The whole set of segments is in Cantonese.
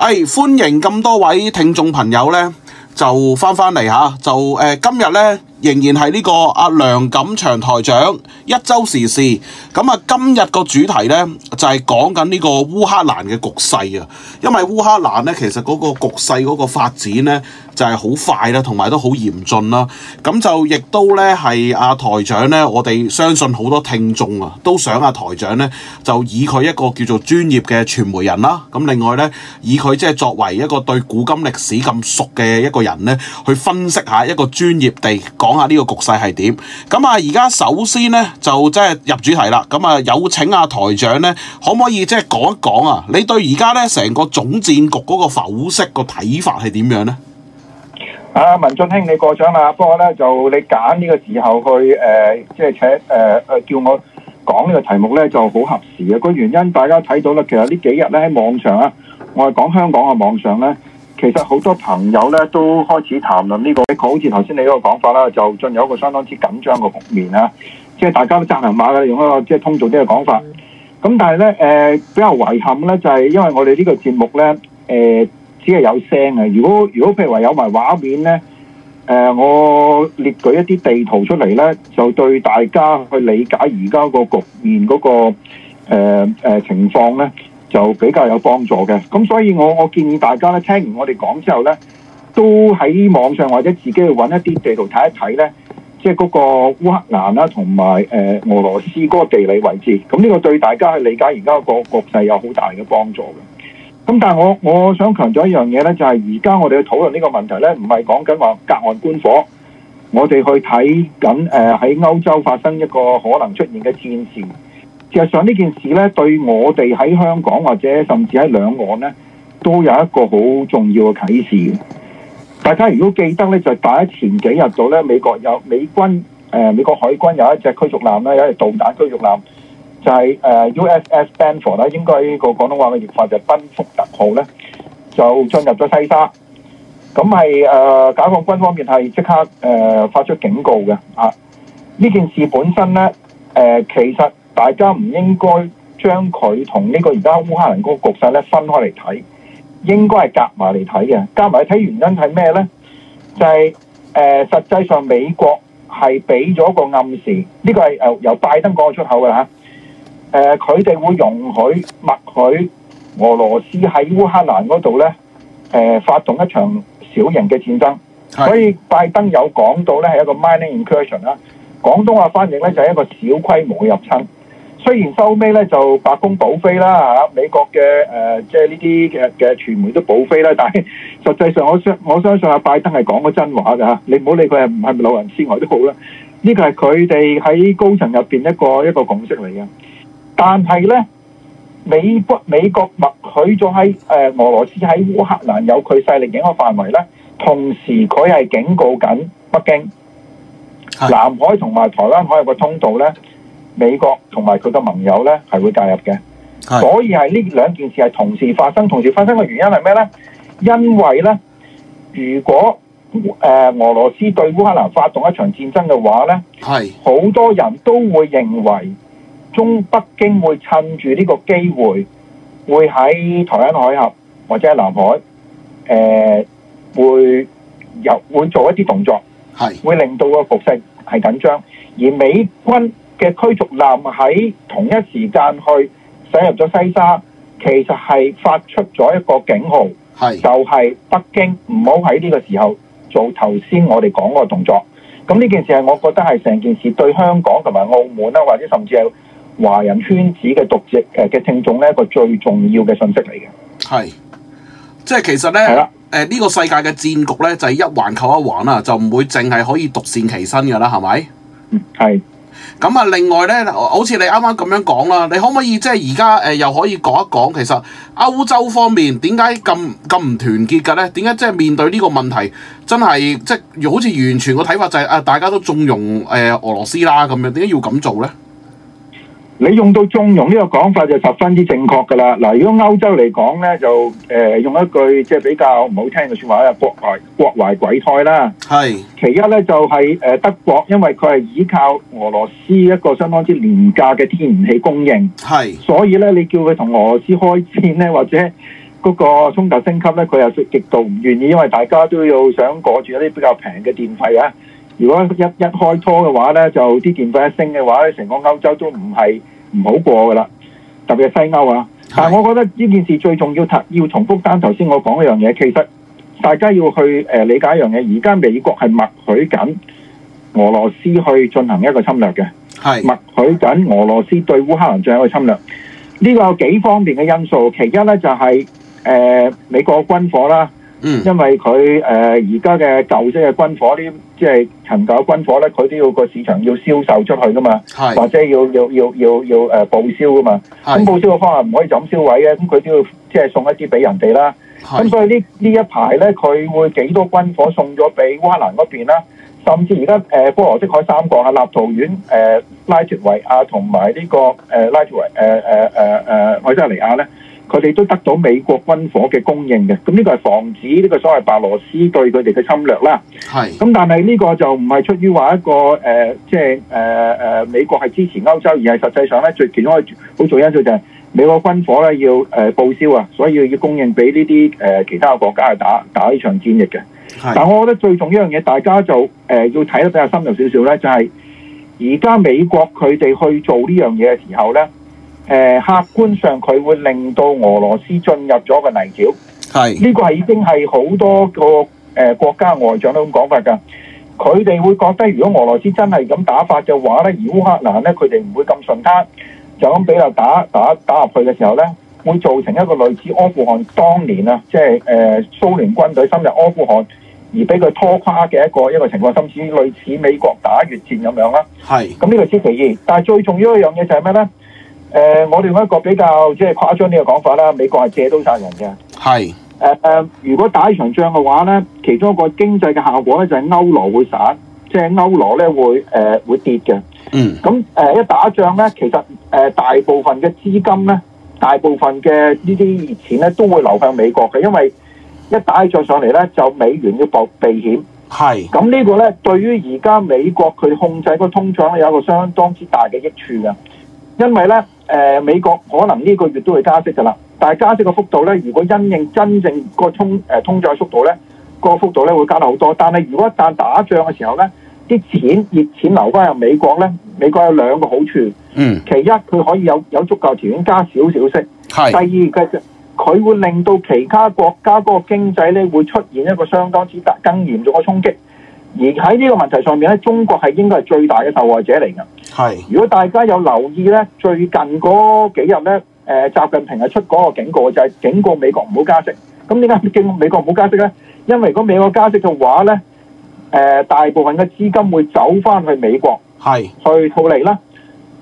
哎，歡迎咁多位聽眾朋友呢，就翻返嚟吓，就誒、呃、今日呢，仍然係呢、這個阿、啊、梁錦祥台長一週時事，咁、嗯、啊今日個主題呢，就係講緊呢個烏克蘭嘅局勢啊，因為烏克蘭呢，其實嗰個局勢嗰個發展呢。就係好快啦，同埋都好嚴峻啦。咁就亦都咧，係阿台長咧，我哋相信好多聽眾啊，都想阿、啊、台長咧就以佢一個叫做專業嘅傳媒人啦。咁另外咧，以佢即係作為一個對古今歷史咁熟嘅一個人咧，去分析一下一個專業地講下呢個局勢係點。咁啊，而家首先咧就即係入主題啦。咁啊，有請阿、啊、台長咧，可唔可以即係講一講啊？你對而家咧成個總戰局嗰個剖析個睇法係點樣咧？啊，文進兄你過獎啦，不過咧就你揀呢個時候去誒，即係請誒誒叫我講呢個題目咧就好合時嘅，個原因大家睇到啦，其實幾呢幾日咧喺網上啊，我係講香港嘅網上咧，其實好多朋友咧都開始談論呢個，好似頭先你嗰個講法啦，就進入一個相當之緊張嘅局面啦，即係大家都紮行馬嘅，用一個即係通俗啲嘅講法，咁但係咧誒比較遺憾咧就係、是，因為我哋呢個節目咧誒。呃只係有聲嘅，如果如果譬如話有埋畫面呢，誒、呃，我列舉一啲地圖出嚟呢，就對大家去理解而家個局面嗰、那個誒、呃呃、情況呢，就比較有幫助嘅。咁所以我我建議大家呢，聽完我哋講之後呢，都喺網上或者自己去揾一啲地圖睇一睇呢，即係嗰個烏克蘭啦，同埋誒俄羅斯嗰個地理位置，咁呢個對大家去理解而家個國局勢有好大嘅幫助嘅。咁但係我我想強調一樣嘢咧，就係而家我哋去討論呢個問題咧，唔係講緊話隔岸觀火，我哋去睇緊誒喺歐洲發生一個可能出現嘅戰事。事實上呢件事咧，對我哋喺香港或者甚至喺兩岸咧，都有一個好重要嘅啟示。大家如果記得咧，就係係前幾日到咧，美國有美軍誒、呃、美國海軍有一隻驅逐艦咧，有一隻導彈驅逐艦。就係誒 USS Benfold 咧，應該呢個廣東話嘅譯法就奔、是、福特號咧，就進入咗西沙。咁係誒解放軍方面係即刻誒、呃、發出警告嘅啊！呢件事本身咧誒、呃，其實大家唔應該將佢同呢個而家烏克蘭嗰個局勢咧分開嚟睇，應該係夾埋嚟睇嘅。夾埋嚟睇原因係咩咧？就係、是、誒、呃、實際上美國係俾咗個暗示，呢、這個係由由拜登講出口嘅嚇。誒佢哋會容許默許俄羅斯喺烏克蘭嗰度咧，誒、呃、發動一場小型嘅戰爭。是所以拜登有講到咧係一個 minor incursion 啦，廣東話翻譯咧就係、是、一個小規模嘅入侵。雖然收尾咧就白宮保飛啦嚇，美國嘅誒即係呢啲嘅嘅傳媒都保飛啦，但係實際上我相我相信阿拜登係講咗真話㗎嚇。你唔好理佢係唔係老人先外都好啦，呢、這個係佢哋喺高層入邊一個一個共識嚟嘅。但係咧，美，美國默許咗喺誒俄羅斯喺烏克蘭有佢勢力影響範圍咧，同時佢係警告緊北京，南海同埋台灣海有個通道咧，美國同埋佢嘅盟友咧係會介入嘅。所以係呢兩件事係同時發生，同時發生嘅原因係咩咧？因為咧，如果誒俄羅斯對烏克蘭發動一場戰爭嘅話咧，係好多人都會認為。中北京會趁住呢個機會，會喺台灣海峽或者係南海，誒會有會做一啲動作，係會令到個局勢係緊張。而美軍嘅驅逐艦喺同一時間去駛入咗西沙，其實係發出咗一個警號，係就係北京唔好喺呢個時候做頭先我哋講嗰個動作。咁呢件事係我覺得係成件事對香港同埋澳門啦，或者甚至係。華人圈子嘅讀者誒嘅聽眾咧，個最重要嘅信息嚟嘅。係，即係其實呢，係啦的，呢、呃呢個世界嘅戰局呢，就係、是、一環扣一環啊，就唔會淨係可以獨善其身噶啦，係咪？嗯的，係。咁啊，另外呢，好似你啱啱咁樣講啦，你可唔可以即係而家誒又可以講一講，其實歐洲方面點解咁咁唔團結㗎呢？點解即係面對呢個問題，真係即係好似完全個睇法就係、是、啊，大家都縱容誒、呃、俄羅斯啦咁樣，點解要咁做呢？你用到縱容呢個講法就十分之正確㗎啦。嗱，如果歐洲嚟講呢，就誒、呃、用一句即係比較唔好聽嘅説話咧，各懷鬼胎啦。係是。其一呢，就係、是、誒德國，因為佢係依靠俄羅斯一個相當之廉價嘅天然氣供應。係是。所以呢，你叫佢同俄羅斯開戰呢，或者嗰個衝突升級呢，佢又極度唔願意，因為大家都要想過住一啲比較平嘅電費啊。如果一一開拖嘅話呢，就啲電費一升嘅話呢，成個歐洲都唔係唔好過噶啦，特別係西歐啊！但係我覺得呢件事最重要，要重複翻頭先我講一樣嘢。其實大家要去、呃、理解一樣嘢，而家美國係默許緊俄羅斯去進行一個侵略嘅，是默許緊俄羅斯對烏克蘭進行一個侵略。呢、這個有幾方面嘅因素，其一呢、就係，就、呃、係美國軍火啦，嗯、因為佢而家嘅舊式嘅軍火呢？即係陳舊軍火咧，佢都要個市場要銷售出去噶嘛，是或者要要要要要誒、呃、報銷噶嘛。咁是報銷嘅方案唔可以就咁銷毀嘅，咁佢都要即係送一啲俾人哋啦。咁是所以呢呢一排咧，佢會幾多少軍火送咗俾烏克蘭嗰邊啦？甚至而家誒波羅的海三國啊，立陶宛、誒、呃、拉脫維亞同埋呢個誒、呃、拉脫維誒誒誒誒愛沙尼亞咧。呃呃呃呃佢哋都得到美國軍火嘅供應嘅，咁呢個係防止呢、呢個所謂白羅斯對佢哋嘅侵略啦。係是，咁但係呢個就唔係出於話一個誒、呃，即係誒誒美國係支持歐洲，而係實際上咧最其中一個好重要因素就係美國軍火咧要誒、呃、報銷啊，所以要要供應俾呢啲誒其他嘅國家去打打呢場戰役嘅。是但係我覺得最重要一樣嘢，大家就誒、呃、要睇得比較深入少少咧，就係而家美國佢哋去做呢樣嘢嘅時候咧。客觀上佢會令到俄羅斯進入咗是個泥沼。係呢個係已經係好多個誒、呃、國家外長都咁講法㗎。佢哋會覺得，如果俄羅斯真係咁打法嘅話呢，而烏克蘭呢，佢哋唔會咁順攤，就咁比較打打打入去嘅時候呢，會造成一個類似阿富汗當年啊，即係誒蘇聯軍隊深入阿富汗而俾佢拖垮嘅一個一個情況，甚至類似美國打越戰咁樣啦。係是。咁呢個先其二，但最重要一樣嘢就係咩呢？誒、呃，我哋用一個比較即係誇張啲嘅講法啦，美國係借刀殺人嘅。係誒是、呃，如果打呢場仗嘅話咧，其中一個經濟嘅效果咧就係歐羅會散，即、就、係、是、歐羅咧會誒、呃、會跌嘅。嗯。咁誒、呃、一打仗咧，其實誒大部分嘅資金咧，大部分嘅呢啲熱錢咧，都會流向美國嘅，因為一打仗上嚟咧，就美元要博避險。係是。咁呢個咧，對於而家美國佢控制個通脹咧，有一個相當之大嘅益處嘅，因為咧。誒、呃、美國可能呢個月都會加息㗎啦，但係加息嘅幅度咧，如果因應真正個通誒、呃、通脹嘅速度咧，個幅度咧會加到好多。但係如果一旦打仗嘅時候咧，啲錢熱錢流翻入美國咧，美國有兩個好處，嗯，其一佢可以有有足夠條件加少少息。是第二佢會令到其他國家嗰個經濟咧會出現一個相當之大更嚴重嘅衝擊，而喺呢個問題上面咧，中國係應該係最大嘅受害者嚟嘅。係，如果大家有留意咧，最近嗰幾日咧，誒，習近平係出嗰個警告，就係警告美國唔好加息。咁點解警告美國唔好加息咧？因為如果美國加息嘅話咧，誒，大部分嘅資金會走翻去美國，係去套利啦。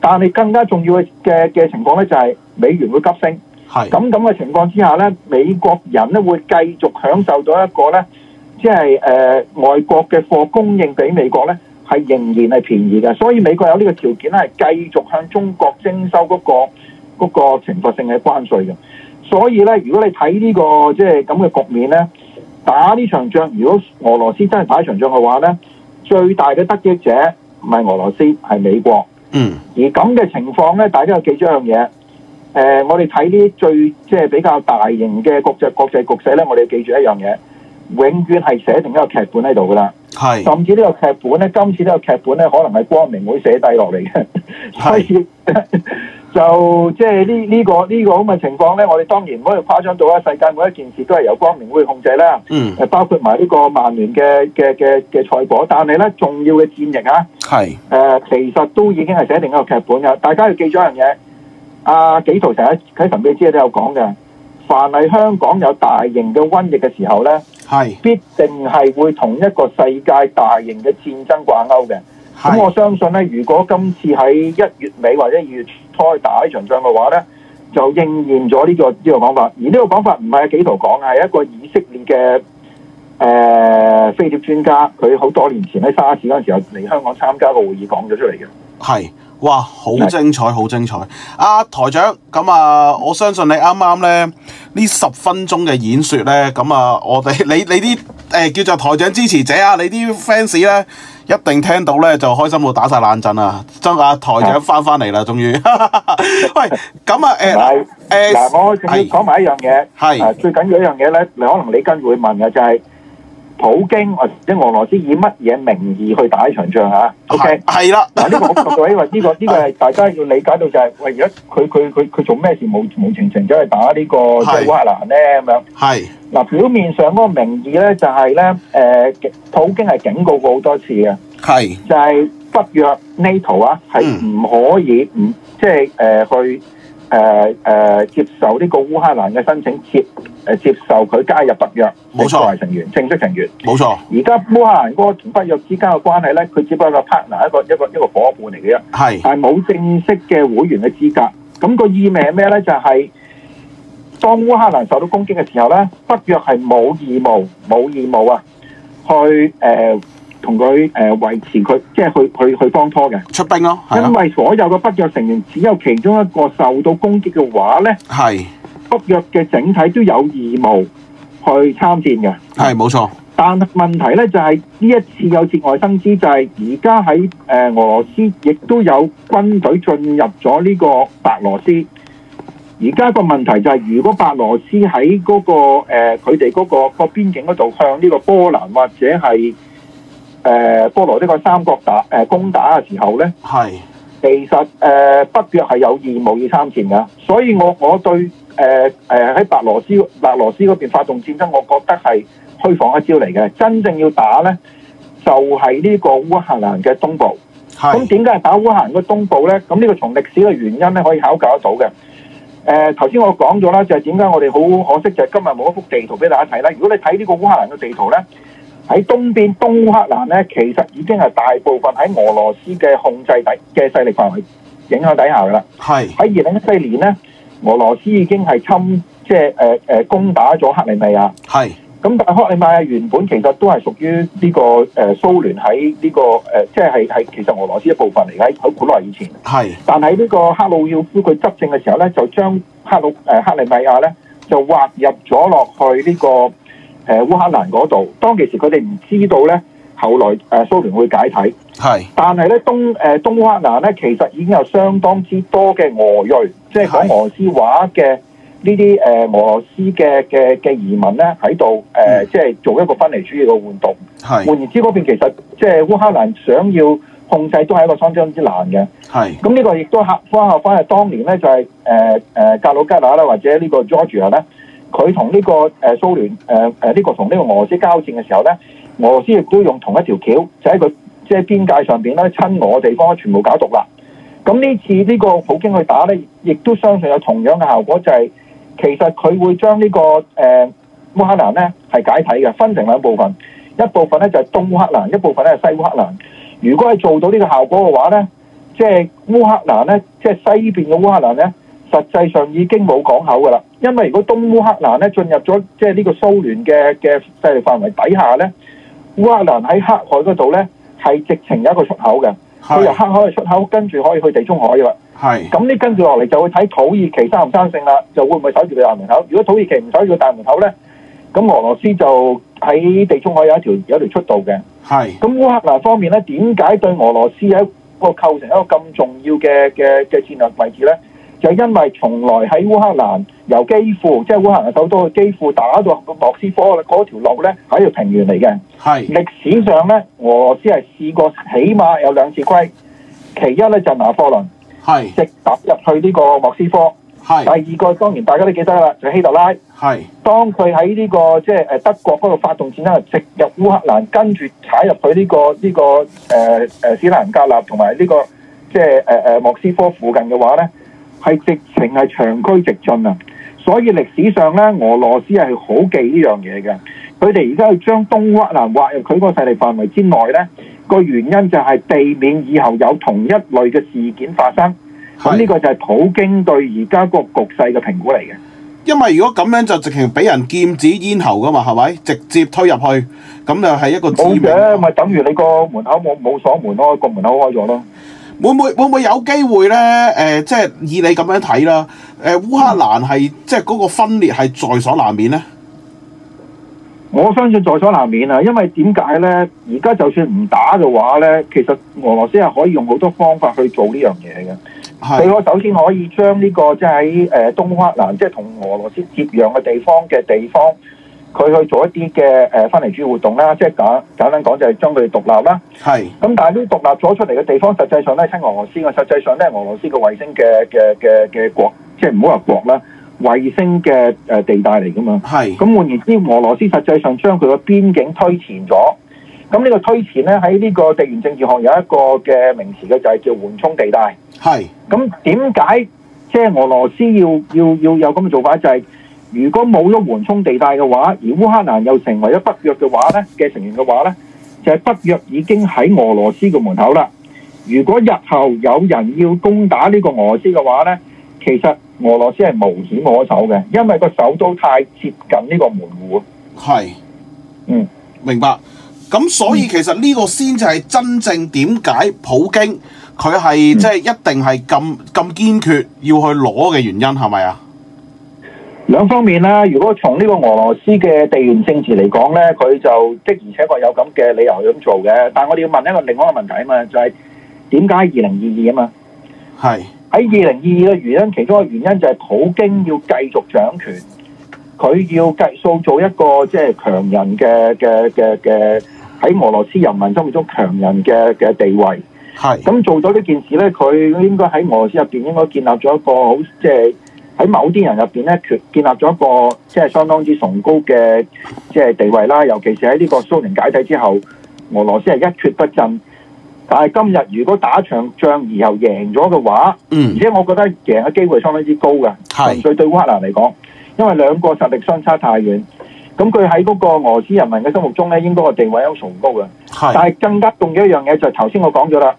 但係更加重要嘅嘅情況咧，就係美元會急升。係咁咁嘅情況之下咧，美國人咧會繼續享受到一個咧，即係誒外國嘅貨供應俾美國咧。係仍然係便宜嘅，所以美國有呢個條件咧，係繼續向中國徵收嗰個嗰個懲罰性嘅關稅嘅。所以咧，如果你睇呢個即係咁嘅局面咧，打呢場仗，如果俄羅斯真係打呢場仗嘅話咧，最大嘅得益者唔係俄羅斯，係美國。嗯。而咁嘅情況咧，大家有幾、呃、大家要記住一樣嘢。誒，我哋睇啲最即係比較大型嘅國際國際局勢咧，我哋要記住一樣嘢，永遠係寫定一個劇本喺度㗎啦。是甚至呢個劇本咧，今次呢個劇本咧，可能係光明會寫低落嚟嘅，是 所以就即係呢呢個呢、呢個咁嘅情況咧，我哋當然唔可以誇張到啦，世界每一件事都係由光明會控制啦，嗯，包括埋呢個曼聯嘅嘅嘅嘅賽果，但係咧重要嘅戰役啊，係是，誒、呃、其實都已經係寫定一個劇本嘅，大家要記住一樣嘢，阿、啊、紀圖成日喺神秘之夜都有講嘅，凡係香港有大型嘅瘟疫嘅時候咧。係是必定係會同一個世界大型嘅戰爭掛鈎嘅，咁是我相信咧，如果今次喺一月尾或者二月初打呢場仗嘅話咧，就應驗咗呢個呢個講法。而呢個講法唔係阿紀圖講，係一個以色列嘅誒飛碟專家，佢好多年前喺沙士嗰陣時候嚟香港參加個會議講咗出嚟嘅。係。哇，好精彩，好精彩！啊，台長，咁啊，我相信你啱啱咧呢十分鐘嘅演說咧，咁啊，我哋你你啲誒、呃、叫做台長支持者啊，你啲 fans 咧一定聽到咧就開心到打晒冷震啊！真啊，台長翻翻嚟啦，是終於。 喂，咁那 啊，誒，係，嗱，我仲要講埋一樣嘢，係，最緊要一樣嘢咧，可能你跟會問嘅就係，是。普京或者俄羅斯以乜嘢名義去打呢場仗啊？OK 係啦，嗱呢個我唔覺得，因為呢個呢個係大家要理解到就係喂，而家佢佢佢佢做咩事冇冇情情咗去打呢個即係烏克蘭咧咁樣？係嗱，表面上嗰個名義咧就係咧，誒，普京係警告過好多次嘅，係就係北約 NATO 啊，係唔可以唔即係誒去。誒誒、呃呃，接受呢個烏克蘭嘅申請接誒、呃、接受佢加入北約，冇錯，成員，錯正式成員，冇錯錯。而家烏克蘭個同北約之間嘅關係咧，佢只不過係個 partner 一個 part ner, 一個一個，一個夥伴嚟嘅啫，係是，但係冇正式嘅會員嘅資格。咁、那個意味係咩咧？就係、是、當烏克蘭受到攻擊嘅時候咧，北約係冇義務冇義務啊，去誒。呃同佢誒維持佢，即係去去去幫拖嘅出兵咯，因為所有嘅北約成員，只有其中一個受到攻擊嘅話咧，係北約嘅整體都有義務去參戰嘅，係冇錯。但問題咧就係呢一次有節外生枝，就係而家喺誒俄羅斯亦都有軍隊進入咗呢個白俄羅斯。而家個問題就係，如果白俄羅斯喺嗰個誒佢哋嗰個個邊境嗰度向呢個波蘭或者係。誒波羅的海呢個三國打誒、呃、攻打嘅時候咧，係是其實誒、呃、北約係有義務要參戰㗎，所以我我對誒誒喺白羅斯白羅斯嗰邊發動戰爭，我覺得係虛晃一招嚟嘅。真正要打咧，就係、是、呢個烏克蘭嘅東部。咁點解係打烏克蘭嘅東部咧？咁呢個從歷史嘅原因咧可以考究得到嘅。誒頭先我講咗啦，就係點解我哋好可惜就係今日冇一幅地圖俾大家睇啦。如果你睇呢個烏克蘭嘅地圖咧。喺東邊東烏克蘭咧，其實已經係大部分喺俄羅斯嘅控制底嘅勢力範圍影響底下噶啦。係喺二零一四年咧，俄羅斯已經係侵即係誒誒攻打咗克里米亞。係咁是，但係克里米亞原本其實都係屬於呢個誒蘇聯喺呢、這個誒即係係其實俄羅斯一部分嚟嘅喺好古耐以前。係是，但係呢個赫魯曉夫佢執政嘅時候咧，就將克魯誒、呃、克里米亞咧就劃入咗落去呢、這個。誒、呃、烏克蘭嗰度，當其時佢哋唔知道咧，後來誒、呃、蘇聯會解體。是但係咧東誒、呃、東烏克蘭咧，其實已經有相當之多嘅俄裔，即係講俄羅斯話嘅呢啲誒俄羅斯嘅嘅嘅移民咧喺度，即係、呃嗯、做一個分離主義嘅活動。係是，換言之，嗰邊其實即係、就是、烏克蘭想要控制都係一個相當之難嘅。咁呢是、嗯這個亦都嚇翻下翻係當年咧就係誒誒格魯吉拿啦，或者個呢個 Georgia 咧。佢同呢個蘇聯誒呢、呃呢個同呢個俄羅斯交戰嘅時候咧，俄羅斯亦都用同一條橋，就喺佢即係邊界上面咧親俄地方咧全部搞獨啦。咁呢次呢個普京去打咧，亦都相信有同樣嘅效果、就係，就係其實佢會將呢、呢個誒烏、呃、克蘭咧係解體嘅，分成兩部分，一部分咧就係、係、東烏克蘭，一部分咧係西烏克蘭。如果係做到呢個效果嘅話咧，即、就、係、係、烏克蘭咧，即、就、係、係、西邊嘅烏克蘭咧。實際上已經冇港口㗎啦，因為如果東烏克蘭咧進入咗即係呢個蘇聯嘅嘅勢力範圍底下咧，烏克蘭喺黑海嗰度咧係直情有一個出口嘅，佢由是黑海嘅出口，跟住可以去地中海嘅啦。係咁是，你跟住落嚟就會睇土耳其三唔三勝生唔生性啦，就會唔會守住佢大大門口？如果土耳其唔守住佢大門口咧，咁俄羅斯就喺地中海有一條有條出路嘅。係咁是，烏克蘭方面咧點解對俄羅斯係一個構成一個咁重要嘅嘅嘅戰略位置咧？就因為從來喺烏克蘭由基輔，即係烏克蘭首都嘅基輔打到莫斯科嗰條路咧，一條平原嚟嘅。係是歷史上咧，俄羅斯係試過起碼有兩次虧。其一咧就是、拿破崙，係是直踏入去呢個莫斯科。係是第二個當然大家都記得啦，就是、希特拉。係是當佢喺呢個即係誒德國嗰度發動戰爭，直入烏克蘭，跟住踩入去呢、這個呢、這個誒誒、呃、斯大林格勒同埋呢個即係誒誒莫斯科附近嘅話咧。係直情係長驅直進啊！所以歷史上咧，俄羅斯係好記呢樣嘢嘅。佢哋而家要將東烏啊劃入佢個勢力範圍之內咧，個原因就係避免以後有同一類嘅事件發生。咁呢是個就係普京對而家個局勢嘅評估嚟嘅。因為如果咁樣就直情俾人劍指咽喉噶嘛，係咪？直接推入去咁就係一個冇嘅、啊，咪等於你個門口冇冇鎖門咯，個門口開咗咯。會唔會會唔會有機會咧？誒，即係以你咁樣睇啦，誒，烏克蘭係即係嗰個分裂係在所難免咧。我相信在所難免啊，因為點解咧？而家就算唔打嘅話咧，其實俄羅斯係可以用好多方法去做呢樣嘢嘅。係，我首先可以將呢個即係喺誒東烏克蘭，即係同俄羅斯接壤嘅地方嘅地方。佢去做一啲嘅誒分離主義活動啦，即係簡簡單講就係將佢哋獨立啦。係是。咁但係呢獨立咗出嚟嘅地方，實際上咧，係親俄羅斯嘅，實際上咧，係俄羅斯嘅衛星嘅嘅嘅嘅國，即係唔好話國啦，衛星嘅誒、呃、地帶嚟㗎嘛。係是。咁換言之，俄羅斯實際上將佢嘅邊境推前咗。咁呢個推前咧，喺呢個地緣政治學有一個嘅名詞嘅，就係、是、叫緩衝地帶。係是。咁點解即係俄羅斯要要要有咁嘅做法？就係、是如果冇咗緩衝地帶嘅話，而烏克蘭又成為咗北約嘅話呢嘅成員嘅話呢，就係、是、北約已經喺俄羅斯嘅門口啦。如果日後有人要攻打呢個俄羅斯嘅話呢，其實俄羅斯係無險可守嘅，因為個首都太接近呢個門戶。係是，嗯，明白。咁所以其實呢個先至係真正點解普京佢係即係一定係咁咁堅決要去攞嘅原因係咪啊？是不是兩方面啦，如果從呢個俄羅斯嘅地緣政治嚟講呢，佢就的而且確有咁嘅理由去咁做嘅。但係我哋要問一個另外一個問題啊嘛，就係點解二零二二啊嘛？係喺二零二二嘅原因，其中一個原因就係普京要繼續掌權，佢要繼續做一個即係強人嘅嘅嘅嘅喺俄羅斯人民心目中強人嘅嘅地位。係咁是做咗呢件事呢，佢應該喺俄羅斯入邊應該建立咗一個好即係。喺某啲人入邊咧，建建立咗一個即係相當之崇高嘅即係地位啦。尤其是喺呢個蘇聯解體之後，俄羅斯係一蹶不振。但係今日如果打場仗而後贏咗嘅話，嗯，而且我覺得贏嘅機會相當之高嘅。係是，對對烏克蘭嚟講，因為兩個實力相差太遠。咁佢喺嗰個俄羅斯人民嘅心目中咧，應該個地位有崇高嘅。是但係更加重要的一樣嘢就係頭先我講咗啦，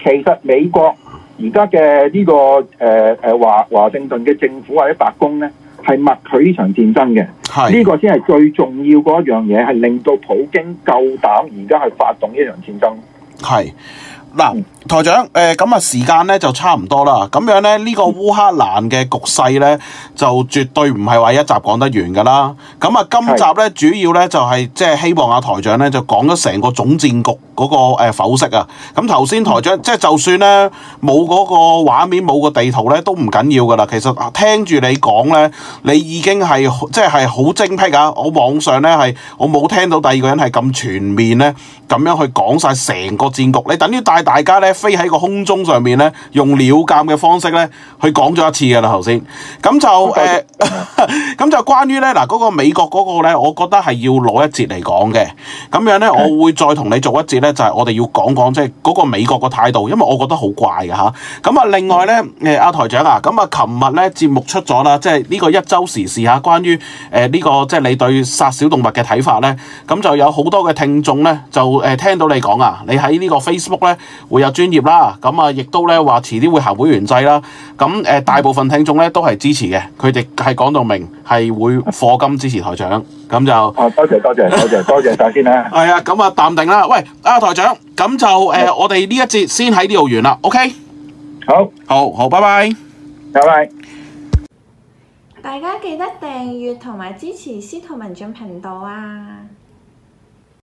其實美國。而家嘅呢個誒誒、呃、華華盛頓嘅政府或者白宮咧，係默許呢場戰爭嘅，係，呢個先係最重要嗰一樣嘢，係令到普京夠膽而家去發動呢場戰爭。係嗱。台長，誒，咁啊，時間咧就差唔多啦。咁樣咧，呢個烏克蘭嘅局勢咧，就絕對唔係話一集講得完噶啦。咁啊，今集咧主要咧就係即係希望阿台長咧就講咗成個總戰局嗰個誒剖析啊。咁頭先台長，即係就算咧冇嗰個畫面冇個地圖咧都唔緊要噶啦。其實聽住你講咧，你已經係即係好精辟啊！我網上咧係我冇聽到第二個人係咁全面咧，咁樣去講晒成個戰局。你等於帶大家咧。飛喺個空中上面咧，用鳥瞰嘅方式咧，去講咗一次㗎啦頭先，咁就誒咁就關於咧嗱個美國個咧，我覺得係要攞一節嚟講嘅，咁樣咧，我會再同你做一節咧，就係、是、我哋要講講即係嗰個美國個態度，因為我覺得好怪嘅吓。咁啊，另外咧，誒阿、嗯啊、台長啊，咁啊，琴日咧節目出咗啦，即係呢個一周時事吓、啊、關於誒呢個即係、就是、你對殺小動物嘅睇法咧，咁就有好多嘅聽眾咧，就誒、呃、聽到你講啊，你喺呢個 Facebook 咧會有專專業啦，咁啊，亦都咧話遲啲會行會員制啦。咁誒，大部分聽眾咧都係支持嘅，佢哋係講到明，係會課金支持台長。咁就多謝多謝多謝 多謝晒先啦。係啊，咁啊淡定啦。喂，啊，台長，咁就誒，好我哋呢一節先喺呢度完啦。OK，好，好好，拜拜，拜拜。大家記得訂閱同埋支持司徒文進頻道啊！